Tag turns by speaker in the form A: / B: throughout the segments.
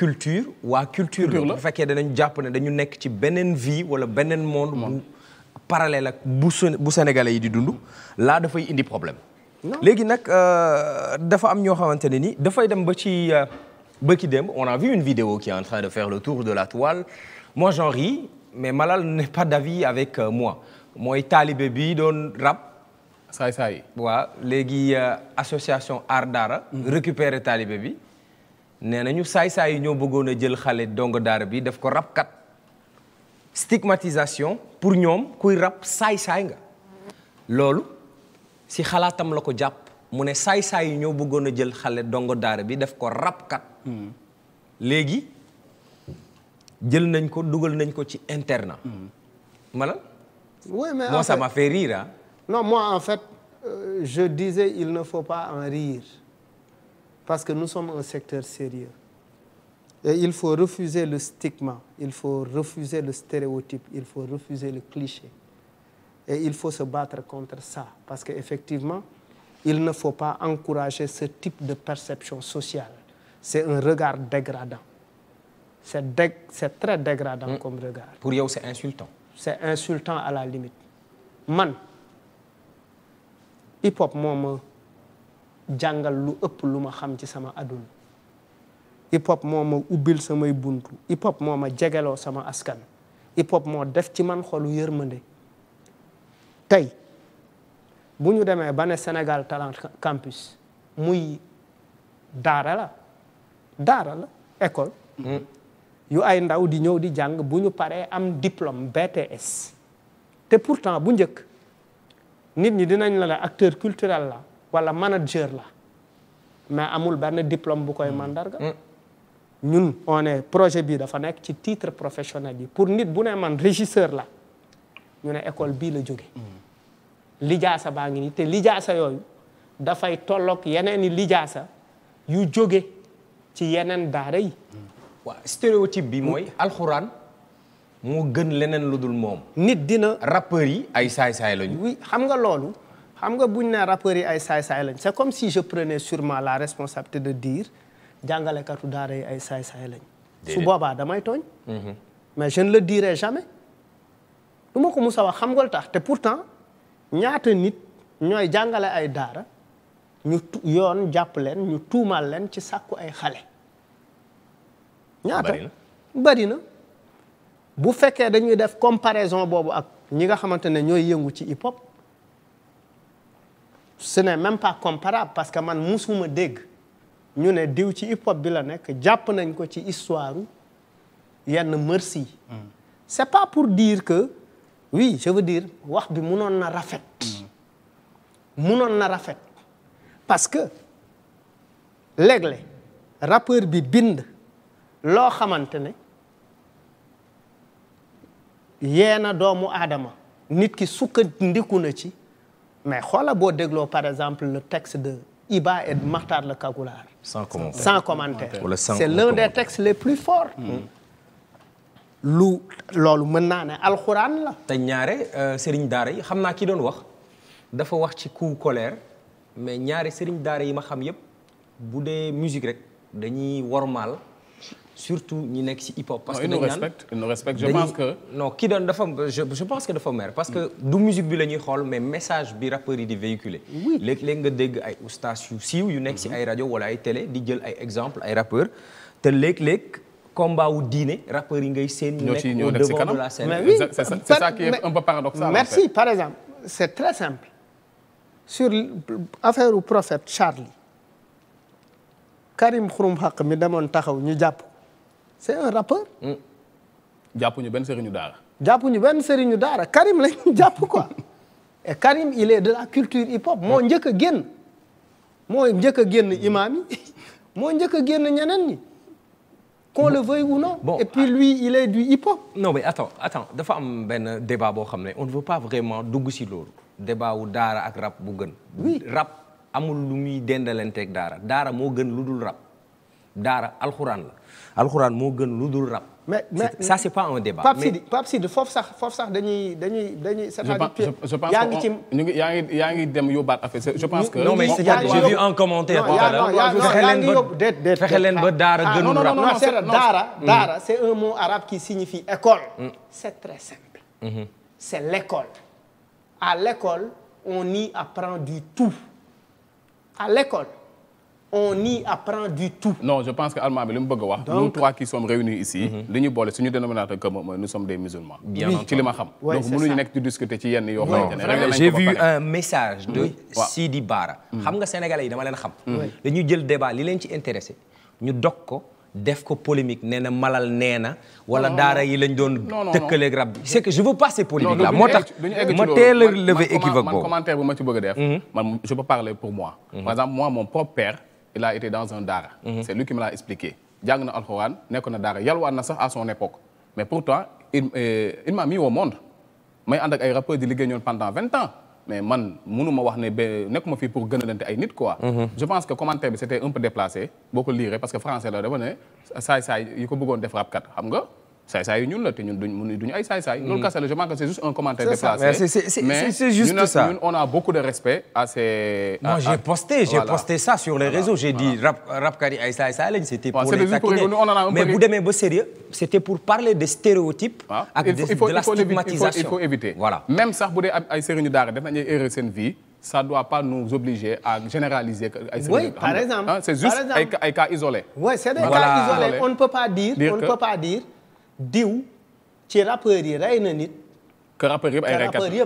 A: culture waa culture la bu fekkee danañ jàpp ne dañu nekk ci beneen vie wala beneen monde bu parallèle ak bu bu sénégalais yi di dund laa dafay indi problème léegi nag euh, dafa am ñoo xamante ne ni dafay dem ba ci euh, bëkki démb on a vu une vidéo qui est en train de faire le tour de la toile moi j'en ris mais Malal n'est pas d'avis avec euh, moi mooy taalibe bi doon rab saay saay waaw léegi association Aar Daara mm-hmm. récupérer bi nee nañu saay-saay yi ñoo bëggoon a jël xale dongo daara bi def ko rabkat stigmatisation pour ñoom kuy rab saay-saay nga loolu si xalaatam la ko jàpp mu ne saay-saay yi ñoo bëggoon a jël xale dongo daara bi def ko rabkat hmm. léegi jël nañ ko dugal nañ ko ci internat hmm. mala
B: oui sama moi ça m'a fait rire en fait euh, je disais il ne faut pas en rire parce que nous sommes un secteur sérieux. Et il faut refuser le stigma, il faut refuser le stéréotype, il faut refuser le cliché. Et il faut se battre contre ça, parce qu'effectivement, il ne faut pas encourager ce type de perception sociale. C'est un regard dégradant. C'est dég très dégradant mmh. comme regard.
A: Pour yow, c'est insultant.
B: C'est insultant à la limite. Man, hip-hop moo ma jàngal lu ëpp lu ma xam ci sama àdduna hip hop moo ma ubbil samay buntu hip hop moo ma jegeloo sama askan hip hop moo def ci man xolu yërmande tey bu ñu demee ba ne Sénégal Talent Campus muy daara la daara la école hmm. yu ay ndaw di ñëw di jàng bu ñu paree am diplôme BTS te pourtant bu njëkk nit ñi dinañ la acteur culturel la wala manager la mais amul benn diplôme bu koy hmm. mandarga. Hmm. ñun on projet bii dafa nekk ci titre professionnel yi pour nit bu ne man régisseur la ñu ne école bii la jóge hmm. lijaasa baa ngi nii te lijaasa yooyu dafay tolloog yeneen i lijaasa yu jóge ci yeneen daara yi.
A: waaw stéréotype bi mooy alxuraan moo gën leneen lu dul moom. nit dina rappeurs yi ay saay-saay lañu.
B: oui xam nga loolu. xam nga buñ ne rappeurs yi ay saay-saay lañ c'est comme si je prenais sûrement la responsabilité de dire jàngalekatu daara yi ay saay-saay lañ su boobaa damay tooñ mhm. mais jeune ne le dirai jamais lu ma ko mus a xam nga lu tax te pourtant ñaata nit ñooy jàngale ay daara ñu yoon jàpp leen ñu tuumal leen ci sàkku ay xale ñaata bari na bu fekkee dañuy def comparaison boobu ak ñi nga xamante ne ñooy yëngu ci hip hop ce n'est même pas comparable parce que man musuma dégg ñu ne diw ci hip hop bi la nekk jàpp nañ ko ci histoire yenn merci hmm. c'est pas pour dire que oui je veux wax bi munoon na rafet hmm. munoon na rafet parce que legle léeg rappeur bi bind loo xamante ne yeena doomu aadama nit ki sukkandiku na ci mais xoola boo dégloo par exemple le texte de Iba et de Makhtar le Kagoulard sans commentaire sans commentaire wala sans c'est l'un des textes les plus forts hmm. lu loolu mën naa ne alxuraan la te
A: ñaare euh, sëriñ daara yi xam naa ki doon wax dafa wax ci coup colère mais ñaare sëriñ daara yi ma xam yépp bu dee musique rek dañuy wormaal surtout ñi nekk ci hip hop. parce non, que dañu que. non ki doon dafa que dafa mer parce que du musique bi la xool mais message bi rappeurs yi di véhiculer. oui léeg nga dégg ay ustaas yu siiw yu nekk si mhm. ay rajo wala ay télé di jël ay exemple ay rappeurs te léeg-léeg.
B: combat wu diine rappeurs yi ngay seen. ñu nekk au devant de la scène. mais oui c'est ça, c'est merci par exemple c'est très simple sur affaire au prophète Charlie. Karim Xurum Xaq mi demoon taxaw ñu jàpp c'est un rappeur. Hmm. jàppuñu benn sëriñu daara. jàppuñu benn seriñu daara Karim lañ jàpp ko et Karim il de la culture hip hop moo hmm. njëkk a génn moo njëkk a génn imaam moo njëkk a génn ñeneen ñi. qu'on le veuille ou non. puis ah. lui il du hip hop.
A: non mais attends attends dafa am benn débat boo xam ne on ne veut pas vraiment dugg si loolu. débat wu daara ak rap bu gën. oui amul lu muy dendalanteeg daara daara moo gën lu dul rab daara alxuraan la alxuraan
C: moo gën lu dul rab. mais mais ça c'est pas un débat. Pape Sidi
B: Pape foofu sax foofu sax dañuy dañuy dañuy. c'est-à-dire yaa ngi ci
C: ñu ngi yaa ngi yaa ngi dem yóbbaat affaire je pense que. non mais c'est-à-dire j'ai vu un commentaire. non yaa ngi yóbbu
B: déet déet fexe leen ba daara ah, gënul rab. non c'est daara daara c'est un mot arabe qui signifie école. Mm. c'est très simple. Mm-hmm. c'est l'école. à l'école on y apprend du tout. à l'école
C: on y apprend du tout. non je pense que allemand bi li mu bëgg wax. donc nous trois qui sommes réunis ici. Mhm. li ñu boole suñu dénominateur commun mooy nous sommes des musulmans. bien ci li ma xam. donc mënuñu nekk di discuter ci yenn yoo xamante ne. j'ai vu un
A: mm. xam nga sénégalais yi dama leen xam. dañuy jël débat li leen ci intéressé ñu dog ko. def ko polémique nee na malal nee na wala daara yi lañ doon tëkkaleeg rab bi c'est que je veux pas ces polémiques là moo tax ma teel a lever équivoque boobu man commentaire
C: bu ma ci bëgg a def mhm. je parler pour moi mhm. par exemple moi mon propre père il a été dans un daara mhm. c'est lui qui me l'a expliqué jàng na alxuraan nekk na daara yalwaan na sax à son époque mais pourtant il euh, m'a mis au monde may ànd ak ay rappeurs di pendant vingt ans mais man munu ma wax ne ba nekkuma fi pour gënalante ay nit quoi. Mhm. je pense que commentaire bi c'était un peu déplacé boo ko liiree parce que français la dafa ne saay saay yi ko bëggoon def rapkat xam nga. saay-saay yu ñun la te ñun duñ duñu ay saay-saay. loolu hmm. la je pense que mais c'est c'est on a beaucoup de respect à j'ai posté
A: sur les réseaux j'ai dit rap rapkat yi ay saay-saay c'était pour les taquiner mais bu demee ba sérieux c'était pour parler des stéréotypes. de la stigmatisation
C: voilà. même sax bu dee ay sëriñu daara def nañu vie. ça doit pas nous obliger à généraliser. oui par exemple ah, on ne peut
B: pas dire on ne peut pas dire. diw ci rappeurs yi rey na nit. que rappeurs
C: yëpp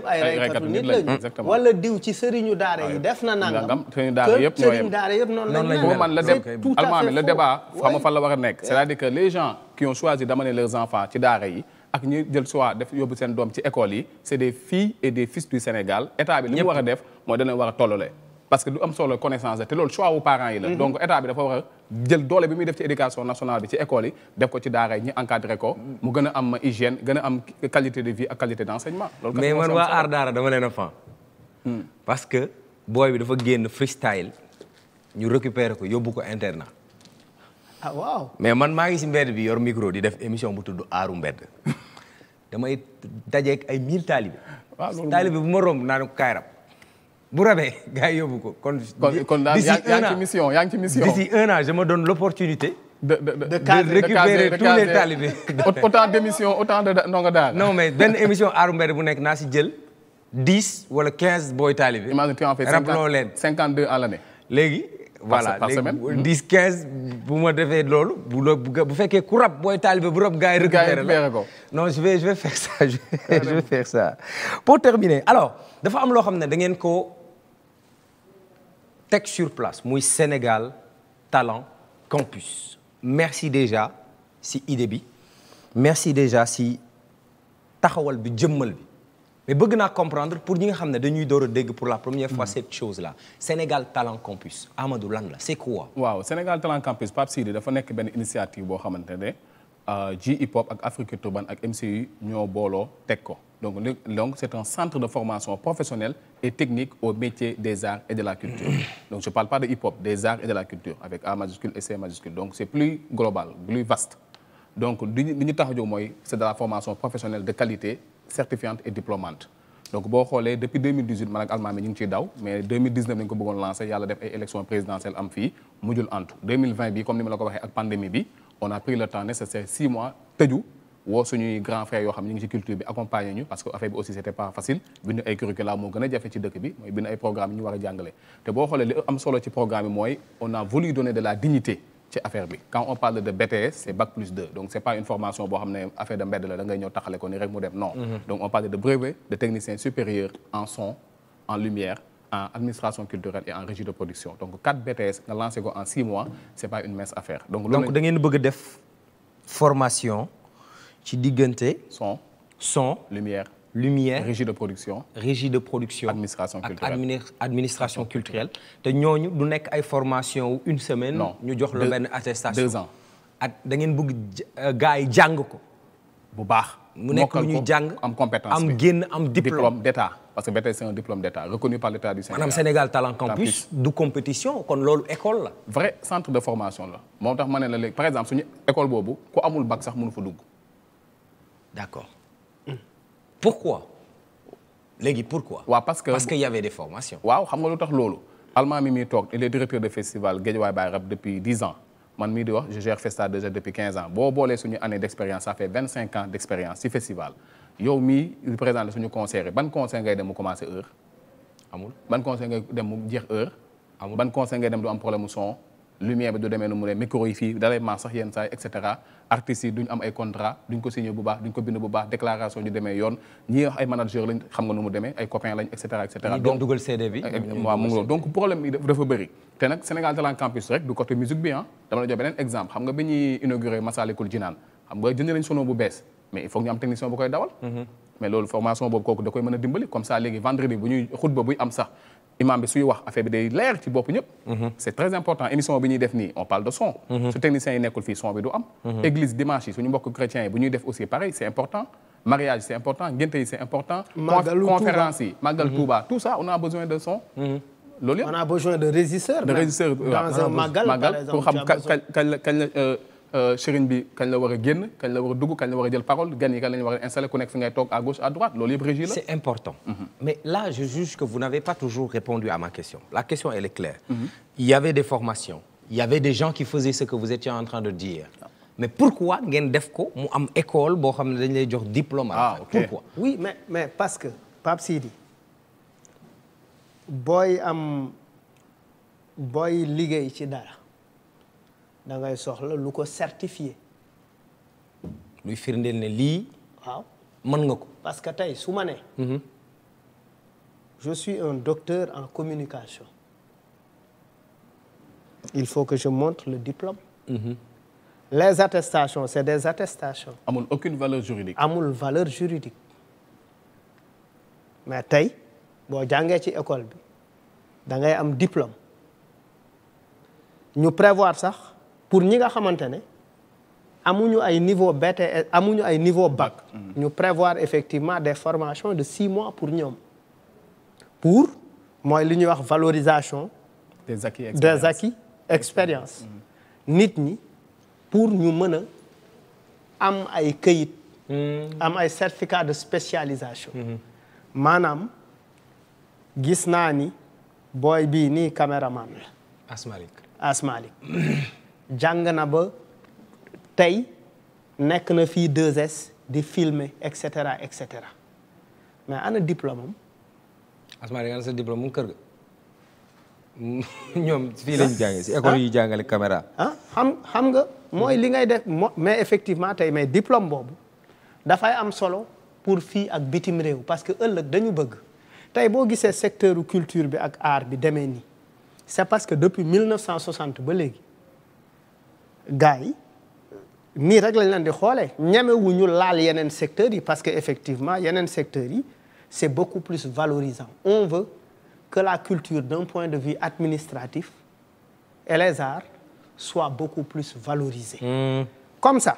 C: ay reykatu nit lañu wala
B: diw ci sëriñu daara yi ah, def na nangam.
C: sëriñu daara yëpp ñoo yem
B: noonu la ñu pour man la dem almaami le
C: débat xam nga fan la war a nekk. c'est-à-dire que les gens qui ont choisi d'amener leurs enfants ci daara yi. ak ñi jël soit def yóbbu seen doom ci école yi c'est des filles et des fils du Sénégal état bi li mu war a def moo dana war a tollale parce que lu am solo connaissance la te loolu choix wu parents yi la. Mhm. donc état bi dafa jël doole bi muy def ci éducation nationale bi ci école yi def ko ci daara yi ñu ko. Mhm. mu gën a am hygiène gën a am qualité de vie ak qualité d' enseignement.
B: loolu mais man waa
A: aar daara dama leen a hmm. parce que booy bi dafa génn freestyle ñu récupérer ko yóbbu ko internat. ah waaw mais man maa ngi si mbedd bi yor micro di def émission bu tudd aaru mbedd damay dajeeg ay mille taalibe. taalibe bu ma romb naa ne bu rabee gars yi ko kon. kon kon daal yaa ngi ci mission yaa ngi ci mission. d'ici un an je me donne l'opportunité de récupérer tous de les autant d'émissions autant de ndongo daara. non mais benn émission aaru mbedd bu nekk naa si jël dix wala quinze booy talibé. imagine tu en leen. cinquante deux à l'année. léegi voilà léegi dix quinze bu ma defee loolu bu loo bu fekkee ku booy taalibe bu rab gars yi récupéré ko non je vais je vais faire ça je vais, pour terminer alors dafa am loo xam ne da ngeen ko teg sur place muy Sénégal Talent Campus merci déjà si idée bi merci déjà si taxawal bi jëmmal bi mais bëgg naa comprendre pour ñi nga xam ne dañuy door a dégg pour la première fois hmm. cette chose là Sénégal Talent
C: Campus Amadou lan la c'est quoi. waaw Sénégal Talent Campus Pape Sidi dafa nekk benn initiative boo xamante ne euh, J Hip Hop ak Afrique Urban ak MCU ñoo booloo teg ko donc donc c'est un centre de formation professionnelle et technique au métier des arts et de la culture je parle pas de hip hop des arts et de la culture avec A majuscule et C majuscule donc c'est ñu tax a jóg mooy c'est de certifiante et diplômante donc boo xoolee depuis 2018 man ak Almaami ñu ngi mais 2019 ko bëggoon lancé yàlla def ay élections présidentielles am fii mujjul antu bi comme ni ma la ko ak pandémie bi on pris le temps nécessaire 6 mois tëju woo suñuy grand frère yoo xam ne ñu ngi ci culture bi accompagner ñu parce que affaire aussi c' pas facile bind ay curricula moo gën ci dëkk bi mooy bind ay programme ñu war a jàngale te boo xoolee am solo ci affaire bi quand on parle de BTS c' est bac donc c' pas une formation boo xam ne affaire de mbedd la da ngay ñëw taxale ko ni rek mu dem non mm-hmm. donc on parle de brevet de technicien supérieur en son en lumière en administration culturelle et en régie de production donc 4 BTS nga lancé ko en 6 mois c' est pas une mince affaire donc donc da def
A: formation
C: ci diggante
A: son son lumière lumière régi de production régie de production administration culturelle ak administration culturelle te ñooñu du nekk ay formation wu une semaine. ñu jox la benn attestation deux ans. at da ngeen bëgg
C: euh, gars yi jàng ko. bu baax mu nekk lu ñuy jàng am compétence am génn am diplôme d'état parce que ba tey c'est un diplôme d'état reconnu par l'état du Sénégal. maanaam Sénégal Campus du compétition kon loolu école la. vrai centre de formation la. moo tax ma ne la léegi par exemple suñu école boobu ku amul bag sax mënu fa dugg. d'accord. pourquoi léegi pourquoi. waaw parce que parce que y avait des formations. waaw xam nga lu tax loolu. Alma mi muy toog il est directeur de festival Guédiawaye Baye Rap depuis dix ans man mii di wax je gère Festa déjà depuis quinze ans boo boolee suñu année d' expérience ça fait vingt cinq ans d' expérience festival yow mii représenté suñu concert ban concert ngay dem mu commencé heure. amul ban concert ngay dem mu jeex heure. amul ban concert ngay dem du am problème mu lumière bi du demee nu mu ne micro yi fii dalay maa yenn saa et cetera yi duñ am ay contrat duñ ko signé bu baax duñ ko bind bu baax déclaration ñu demee yoon ñi ay manager lañ xam nga nu mu demee ay copains lañ et cetera donc dugal CD bi. Eh, eh, waaw mu te nag Campus rek du côté musique bi ah dama la jox beneen exemple xam nga bi ñuy inauguré Jinaan xam nga jënd nañ sono bu bees mais il faut ñu am technicien bu koy dawal. Mhm. imam bi suy wax affaire bi day leer ci bopp ñëpp mhm. c'est très important émission bi ñuy def nii on parle de son mhm. su techniciens yi nekkul fii son bi du am mhm. église dimanche yi suñu mbokk chrétiens yi bu ñuy def aussi pareil c'est important mariage c'est important ngénte yi c'est important conférence yi màggal Touba tout ça on a besoin de son loolu on a besoin de régisseur de régisseur dans un màggal màggal pour sëriñ euh, bi kañ la war a génn kañ la war a dugg kañ la war a jël parole gan yi kañ la ñu war a installé ku nekk fi ngay toog à gauche à droite loolu yëpp régie la. c'est important. Mm -hmm. mais là je juge que vous n'avez pas toujours répondu à ma question la question elle est claire. Mm -hmm.
A: il y avait des formations. il y avait des gens qui faisaient ce que vous étiez en train de dire. mais pourquoi ngeen def ko mu am école boo xam ne dañ lay jox diplôme. ah ok pourquoi. oui mais mais parce que
B: Pape Sidi booy am booy liggéey ci dara. da ngay soxla lu ko certifié.
A: luy firndeel ne lii. waaw mën nga ko.
B: parce que tey su ma ne. Mhm. je un docteur en communication. il faut que je montre le diplôme. Mmh. les attestations c'est des attestations. amul aucune valeur juridique. amul valeur juridique mais tey boo jàngee ci école bi da ngay am diplôme ñu prévoir sax. pour ñi nga xamante ne amuñu ay niveau BTS amuñu ay niveau bac mm-hmm. ñu prévoir effectivement des formation de six mois pour ñoom pour mooy li ñuy wax valorisation des acquis des acquis expérience mm-hmm. nit ñi pour ñu mën a am ay këyit mm-hmm. am ay certificat de spécialisation maanaam gis naa ni booy bii nii caméraman la Asmalik jàng na ba tey nekk na fii 2S di filmer et cetera et cetera mais ana diplôme am. asmaa da nga
A: sa diplôme mu kër ga. ñoom fii lañ jàngee si école yi jàngale caméra.
B: ah xam xam nga mooy li ngay def mais effectivement tey mais diplôme boobu dafay am solo pour fii ak bitim réew parce que ëllëg dañu bëgg tey boo gisee secteur culture bi ak art bi demee nii c'est parce que depuis 1960 ba léegi. gars yi nii rek lañ leen di xoolee ñemewuñu laal yeneen secteurs yi parce que effectivement yeneen secteurs yi c'est beaucoup plus valorisant on veu que la culture d'un point de vue administratif et les arts soient beaucoup plus valorisés mmh. comme ça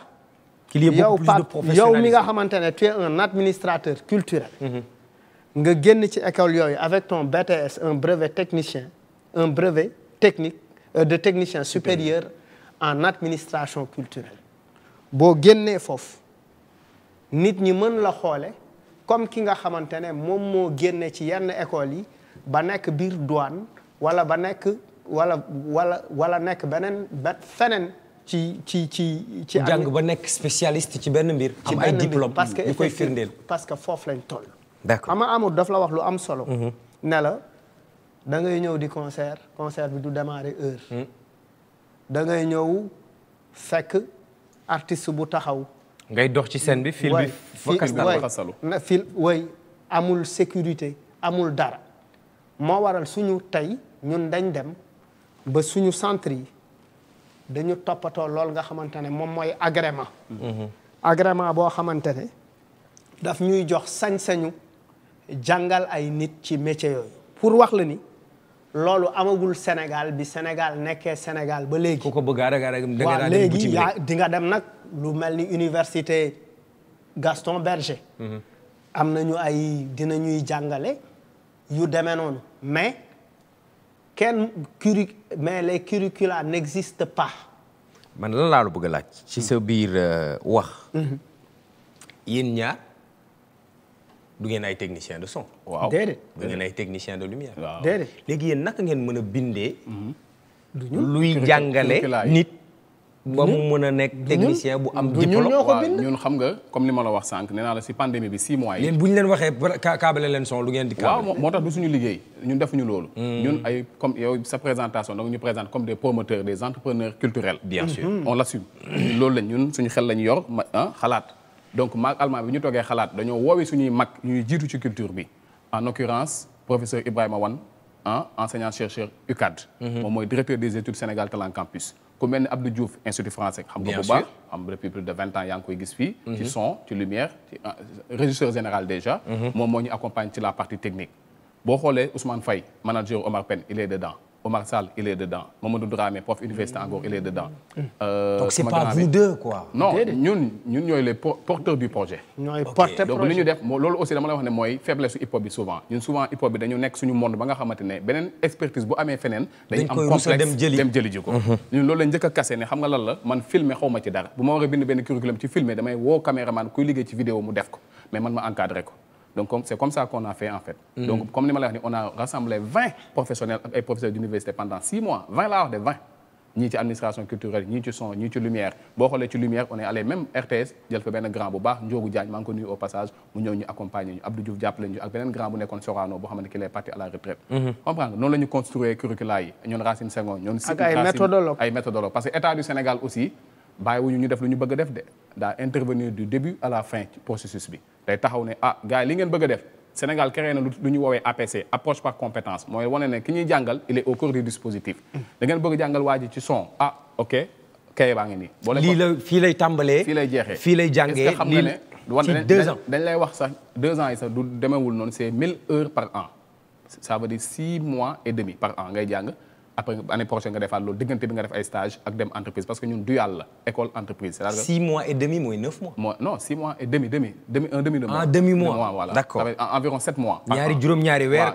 B: qu'il y ait beaucoup plus yow mi nga xamante ne tu es un administrateur culturel hmm. nga génn ci école yooyu avec ton BTS un brevet technicien un brevet technique euh, de technicien supérieur en administration culturelle boo génnee foofu nit ñi mën la xoole comme ki nga xamante ne moom moo génne ci yenn école yi ba nekk biir douane wala ba nekk wala wala wala nekk beneen ba feneen ci ci ci ci jàng ba nekk spécialiste ci benn mbir am ay diplôme parce que koy firndeel parce que foofu lañ toll d'accord ama amul daf la wax lu am solo mhm. ne la da ngay ñëw di concert concert bi du démarrer heure mhm. da ngay ñëw fekk artiste bu taxaw.
A: ngay dox ci scène bi fil bi. waay
B: fil waay amul sécurité amul dara. moo waral suñu tey ñun dañ dem ba suñu centre yi dañu toppatoo lool nga xamante ne moom mooy agrément. Mm-hmm. agrément boo xamante ne daf ñuy jox sañ-sañu jàngal ay nit ci métier yooyu pour wax la ni. loolu amagul Sénégal bi Sénégal nekkee Sénégal ba léegi. ku
A: ko bëgg a waaw léegi yaa
B: di nga dem nag lu mel ni université Gaston Berger. Mhm. am nañu ay dinañuy jàngale yu demee noonu mais kenn curi mais les curricula n'existent pas.
A: man lan laa la laaj. ci sa biir euh, wax. Mhm. yéen ñaar. du ngeen ay technicien de son. waaw déedéet du ngeen ay technicien de lumière. waaw déedéet léegi yéen naka ngeen mën a bindee. Mhm. luy jàngale nit.
C: ba mu mën a nekk technicien bu am. diplôme ñoo xam nga comme ni ma la wax sànq nee naa la si pandémie bi 6 mois yi. yéen bu ñu leen waxee kaabale leen son du ngeen di. kaabale waaw moo tax du suñu liggéey ñun defuñu loolu. Hmm. ñun ay comme yow sa présentation donc ñu présente comme des promoteurs des entrepreneurs culturels. bien hmm. sûr on l'assume. loolu la ñun suñu xel la ñu yor ma ah, xalaat. donc maag allemand bi ñu toogee xalaat dañoo woowee suñuy mag ñuy jiitu ci culture bi en l'occurrence professeur Ibrahima Wane ah enseignant chercheur UCAD. Mhm. moom mooy directeur des études Sénégal Talent ku mel ni Abdou Diouf institut français. xam am depuis plus de vingt ans yaa ngi koy gis fii. ci mhm. son ci lumière ci euh, régisseur général déjà. Mhm. moom moo ñu accompagne ci la partie technique. boo xoolee Ousmane Faye manager Omar Pène il est dedans. Omar il est dedans Mamadou Dramé prof université encore il est dedans. Hmm. Euh, donc c'est pas vous non ñun ñun ñooy les porteurs du projet.
B: donc li ñu def
C: loolu aussi dama lay wax ne mooy faiblesse hip hop bi souvent hip hop bi dañu nekk suñu monde ba nga xamante beneen expertise bu amee feneen. dañu am complexe dem jëli dem mhm. ñun loolu la njëkk kase ne xam nga lan man filmer xaw ma ci dara bu ma war a bind curriculum ci filmer damay woo caméraman kuy liggéey ci vidéo donc c'est comme ça qu'on a fait en fait mm. donc comme ni ma la on a rassemblé vingt professionnels ak d'université pendant six mois vingt laa wax de vingt ñii administration culturelle ñii lumière boo xoolee ci lumière on est allé RTS jël fa benn grand bu baax Ndiogou Diagne maa ngi ko passage mu ñëw ñu accompagner ñu Abdou Diouf jàppale ak beneen grand bu ne qu'il est parti à la retraite mm-hmm. comprendre noonu la ñu construire curricula yi ñoon Racine bàyyi bàyyiwuñu ñu def lu ñu bëgg def de daa intervenir du début à la fin ci processus bi day taxaw ne ah gars yi li ngeen bëgg a def Sénégal créé na lu ñu woowee APC approche par compétence mooy wane ne ki ñuy jàngal il est au cœur du dispositif. da ngeen bëgg jàngal waa ji ci son ah ok kay baa ngi nii. boo la fii lay tàmbalee fii lay jeexe fii lay jàngee xam nga ne ci deux ans dañ lay wax sax deux ans yi sax du demewul noonu c' est mille heures par an ça veut dire six mois et demi par an ngay jàng. après année prochaine nga defaat loolu diggante bi nga def stage ak dem entreprise parce que ñun du école entreprise. six mois et demi mooy neuf mois. non six mois et demi demi un demi de ah, mois. mois voilà d'accord environ sept mois. ñaari juróom-ñaari weer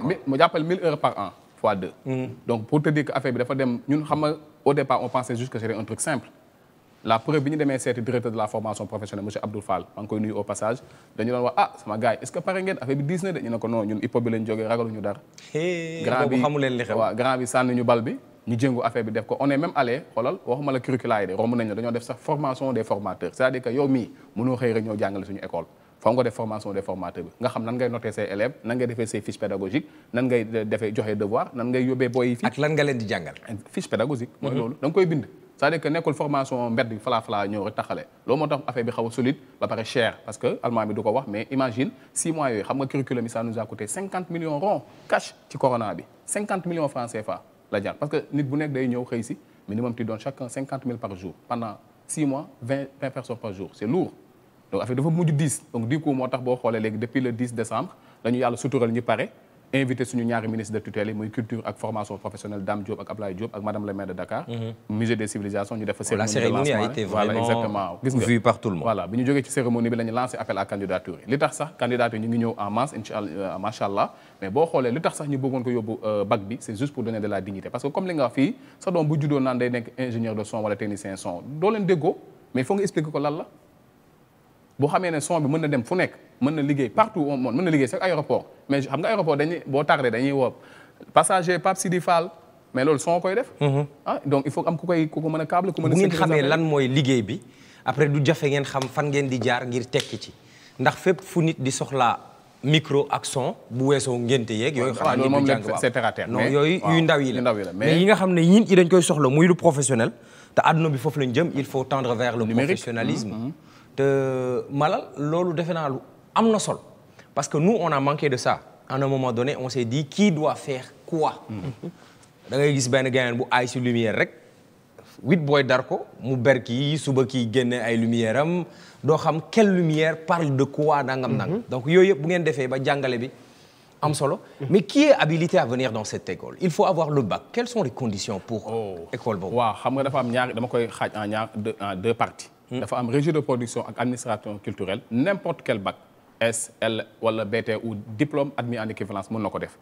C: mille heures par an fois deux. Mm. donc pour te dire que affaire bi dem ñun xam nga au départ on pensait juste que c'était un truc simple. la preuve bi ñu demee seeti directeur de la formation professionnelle monsieur Abdoul Fall maa ngi koy nuyu au passage dañu doon wax ah sama gars est ce que pare ngeen affaire bi de ñu ne ko non ñun hippo bi lañ jógee ragaluñu dara. grand bi xamu ñu bal ñu jéngu affaire def ko on est même allé waxuma la curricula de romb nañ la dañoo def sax formation des formateurs cest à que yow mii mënoo xëy rek ñoo jàngale suñu école foog nga formation des formateurs c'est-à-dire que nekkul formation mbedd falaa falaa ñëw rek taxale loolu moo tax affaire bi xaw a ba pare cher parce que allemand bi du ko wax mais imagine six mois yooyu xam nga curriculum yi ça nous a coûté cinquante millions rond cash ci corona bi cinquante millions francs la jar parce que nit bu nekk day ñëw xëy si minimum tu donnes chacun cinquante mille par jour pendant six mois vingt vingt personnes par jour c'est lourd donc dafa mujj dix donc du moo tax boo xoolee léegi depu le 10 décembre dañu yàlla sutural invité suñu ñaari ministre de tutelle muy culture ak formation professionnelle Dame Diop ak Ablaye Diop ak madame le maire de Dakar. Mhm. musée des civilisations ñu def fa. Oh, cérémonie a été vraiment exactement gis ñu jógee ci cérémonie bi la ñu appel à candidature yi sax candidature ñu ngi ñëw en masse incha allah euh, allah mais boo xoolee li sax ñu bëggoon ko yóbbu euh, bac bi c' juste pour donner de la dignité parce que comme li nga fii sa doom bu juddoo naan boo xamee ne son bi mën na dem fu nekk mën na liggéey partout au monde mën na liggéey sax aéroport mais xam nga aéroport dañuy boo tardé dañuy passager Pape Sidi mais loolu son koy def. Mm-hmm. ah donc koy ku a câble ku mën a. bu ngeen xamee lan mooy liggéey bi après du jafe
A: ngeen xam fan ngeen di jaar ngir tekki ci ndax fépp fu nit di soxlaa micro ak son bu weesoo ngénte yeeg. yooyu xam ne moom c'est terre à nga xam ne nit yi dañ koy soxla muy lu professionnel te àdduna bi foofu lañ jëm il faut tendre vers le professionnalisme mm-hmm. te malal loolu defe naa lu am na sol parce que nous on a manqué de sa à un moment donné on s'est dit qui doit faire quoi da ngay gis benn gayneen bu aay si lumière rek huit booy dar ko mu ber kii suba kii génne ay lumière am doo xam quelle lumière parle de quoi nangam nang mhm. donc yooyu yëpp bu ngeen defee ba jàngale bi
C: am solo mhm. mais qui est habilité à venir dans cette école il faut avoir le bac quelles sont les conditions pour oh. école boobu waaw xam nga dafa am ñaar dama koy xaaj en ñaar en Hmm. dafa am régie de production ak administration culturelle n'importe quel bac S L wala BT ou diplôme admis en équivalence mën na ko def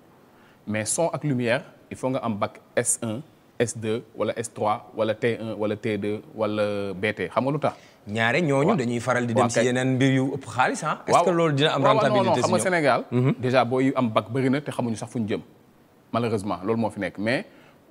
C: mais son ak lumière il faut nga am bac S1 S2 wala S3 wala T1 wala T2 wala BT xam nga lu tax. ñaare ñooñu dañuy faral di dem si yeneen mbir yu ëpp xaalis ah. est-ce que loolu dina am rentabilité si ñoom xam Sénégal. Mhm. déjà boo yu am bac bëri na te xamuñu sax fu ñu jëm. malheureusement loolu moo fi nekk mais.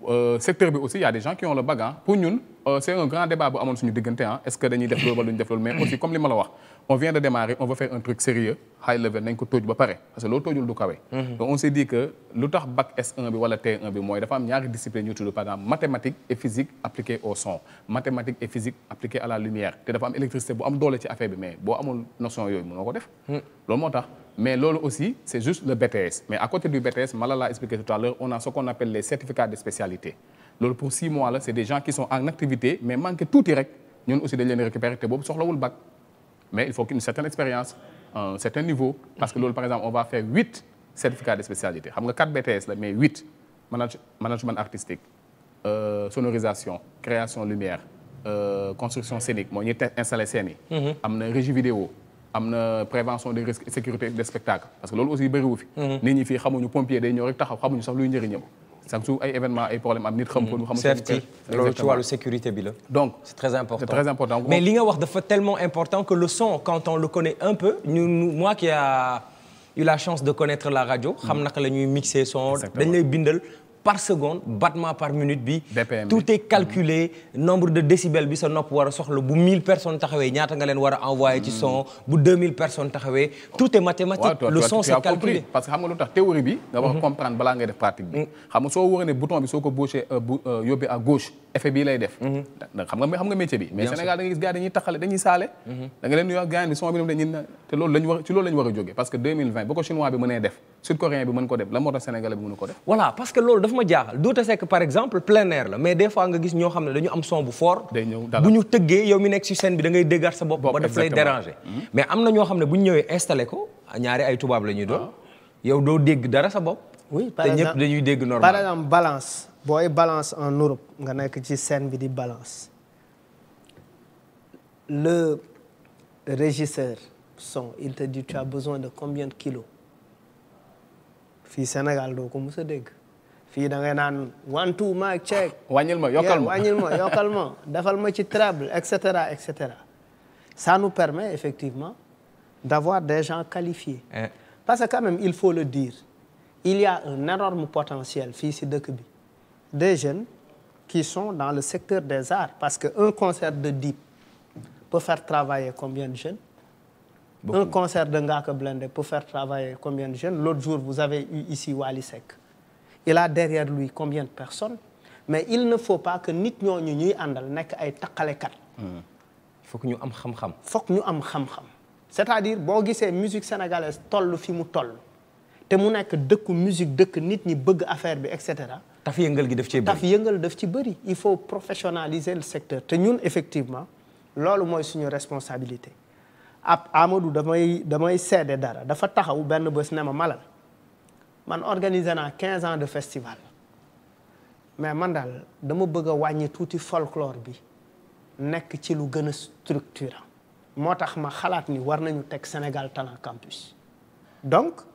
C: Euh, secteur bi aussi y a des gens qui ont le bac pour ñun euh, c'est un grand débat bu amoon suñu diggante ah est-ce que dañuy def loolu mais aussi comme li ma la wax on vient de démarrer on veut faire un truc sérieux high level nañ ko tóoj ba pare parce que loolu tóojul du kawe mhm. on s'est dit que lu tax bac S1 bi wala T1 bi mooy dafa am ñaari discipline ñu tudd mathématiques et physique appliquées au son mathématiques et physique appliquées à la lumière te dafa am électricité bu am doole ci affaire bi mais boo amul notion yooyu mënoo ko def hmm. loolu moo tax mais loolu aussi c'est juste le BTS mais à côté du BTS mais il faut qu'une certaine expérience un certain niveau parce que loolu par exemple on va faire huit certificats de spécialité xam nga quatre BTS la mais huit management artistique euh, sonorisation création lumière euh, construction scénique moo ñu installé scène yi mm-hmm. am na régie vidéo am na prévention des risques et sécurité des spectacles parce que loolu aussi bëriwu fi mm-hmm. nit ñi fii xamuñu pompier day ñëw taxaw xamuñu sax luy njëriñam chaque jour ay événement ay problème am nit xam ko. Hmm. xam safety loolu ci wàllu sécurité bi la. donc c'est très important c'est très important. mais li
A: nga wax dafa tellement important que le son quand on le connaît un peu ñun moi qui a eu la chance de connaître la radio. xam hmm. naka la ñuy mixer son. dañ lay bindal. par seconde battement par minute bi. tout est calculé nombre de décibels bi sa nopp war a soxla bu 1000 personnes taxawee ñaata nga leen
C: war a envoyé ci son bu 2000 personnes taxawee tout est mathématique. le son c'est calculé parce que xam nga lu tax théorie bi. nga war a mhm. comprendre balaa ngay def pratique bi. Mm. xam soo wëree ne bouton bi soo ko bouché euh, euh, yóbbee à gauche. effet bii lay def mhm. da xam nga xam nga métier bi mais Sénégal da nga gis gars dañuy taxale dañuy saale mhm. da nga leen nuyu gars bi a jóge parce que 2020 ko chinois def ko def la parce que loolu dafa ma jaaxal Douta Seck par exemple plein la
A: mais des nga gis ñoo xam ne dañu am son bu fort day ñëw bu ñu tëggee yow mi nekk ci scène bi da ngay déggaat sa bopp ba daf lay déranger mhm. mais am na ñoo xam ne bu ñu ñëwee installé ko ñaari ay tubaab la doon ah. yow doo dégg dara sa bopp oui par exemple dañuy dégg normal par
B: exemple balance booy balance en Europe nga nekk ci seen bi di balance le régisseur son il te dit tu as besoin de combien de kilos fii Sénégal doo ko mës dégg fii da ngay naan one two ma check. Ah, wàññil ma yokkal ma wàññil ma defal ma ci trable et cetera et cetera ça nous permet effectivement d'avoir des gens qualifiés. Eh. parce que quand même il faut le dire. il y a un énorme potentiel fii si dëkk bi des jeunes qui sont dans le secteur des arts parce que un concert de Dip peut faire travailler combien de jeunes Beaucoup. un concert de Ngaaka Blindé peut faire travailler combien de jeunes l'autre jour vous avez eu ici Wally Seck il a derrière lui combien de personnes mais il ne faut pas que nit ñooñu ñuy àndal nekk ay taqalekat hmm. fokk ñu am xam-xam fokk ñu am xam-xam c'est-à-dire boo gisee musique sénégalaise toll fi mu toll te mu nekk dëkku musique dëkk nit ñi bëgg affaire bi et cetera.
A: taf yëngal gi daf ci bëri
B: yëngal daf ci bëri il faut professionnaliser le secteur te ñun effectivement loolu mooy suñu responsabilité. ab Amadou damay damay seede dara dafa taxaw benn bës ne ma malal man organiser naa 15 ans de festival mais man daal dama bëgg a wàññi tuuti folklore bi nekk ci lu gën a structurant moo tax ma xalaat ni war nañu teg Sénégal Talent Campus donc.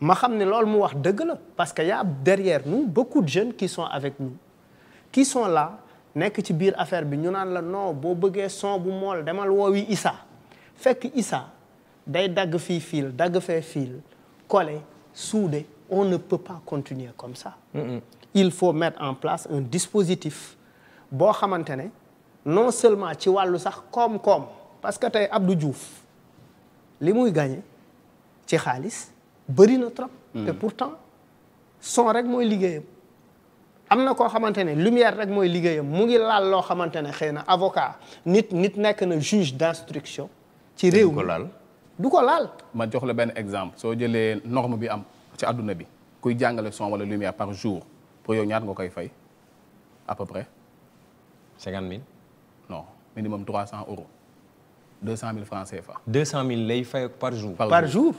B: ma xam ne loolu mu wax dëgg la parce que y a derrière nous beaucoup de jeunes qui sont avec nous qui sont là nekk ci biir affaire bi ñu naan la non boo bëggee son bu mool demal woowi Issa fekk Issa day dagg fii fiil dagg fee fiil coller suude on ne peut pas continuer comme ça il faut mettre en place un dispositif boo xamante ne non seulement ci wàllu sax koom-koom parce que tey Abdou Diouf li muy gagné ci xaalis bari na trop. Mm. te pourtant son rek mooy liggéeyam. am na koo xamante ne lumière rek mooy liggéeyam mu ngi laal loo xamante ne xëy na avocat nit nit nekk na juge d'instruction.
C: ci réew mi ko laal du ko laal. ma jox la benn exemple soo jëlee norme bi am ci àdduna bi kuy jàngale son wala lumière par jour pour yow ñaata nga koy fay à peu près. cinquante mille. non minimum trois cent euros deux cent mille francs CFA. deux cent mille lay fay par jour. par jour.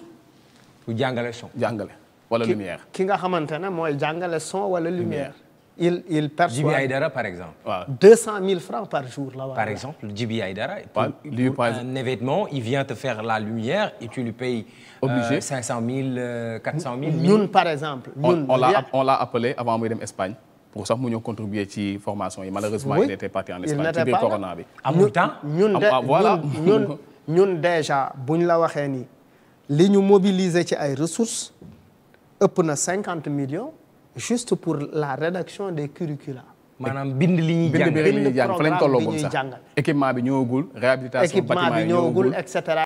C: pour jàngale son. jàngale wala lumière.
B: ki nga xamante ne mooy jàngale son wala lumière. il il perçoit Djibi Aïdara
A: par exemple. waaw
B: deux cent mille par
A: exemple Djibi Aïdara. un événement il vient te faire la lumière et euh, obligé cinq euh, par exemple. ñun
C: on l'a appelé avant muy Espagne. pour sax mu ñëw contribuer ci formation yi malheureusement. il était parti en Espagne ci biir corona bi. temps ah,
B: ñun déjà buñ la waxee li ñu mobiliser ci ay ressources ëpp na cinquante millions juste pour la rédaction des curricula maanaam bind li ñuy jàng bind bi rek la ñuy jàng
C: équipement bi ñëwagul réhabilitation bâtiment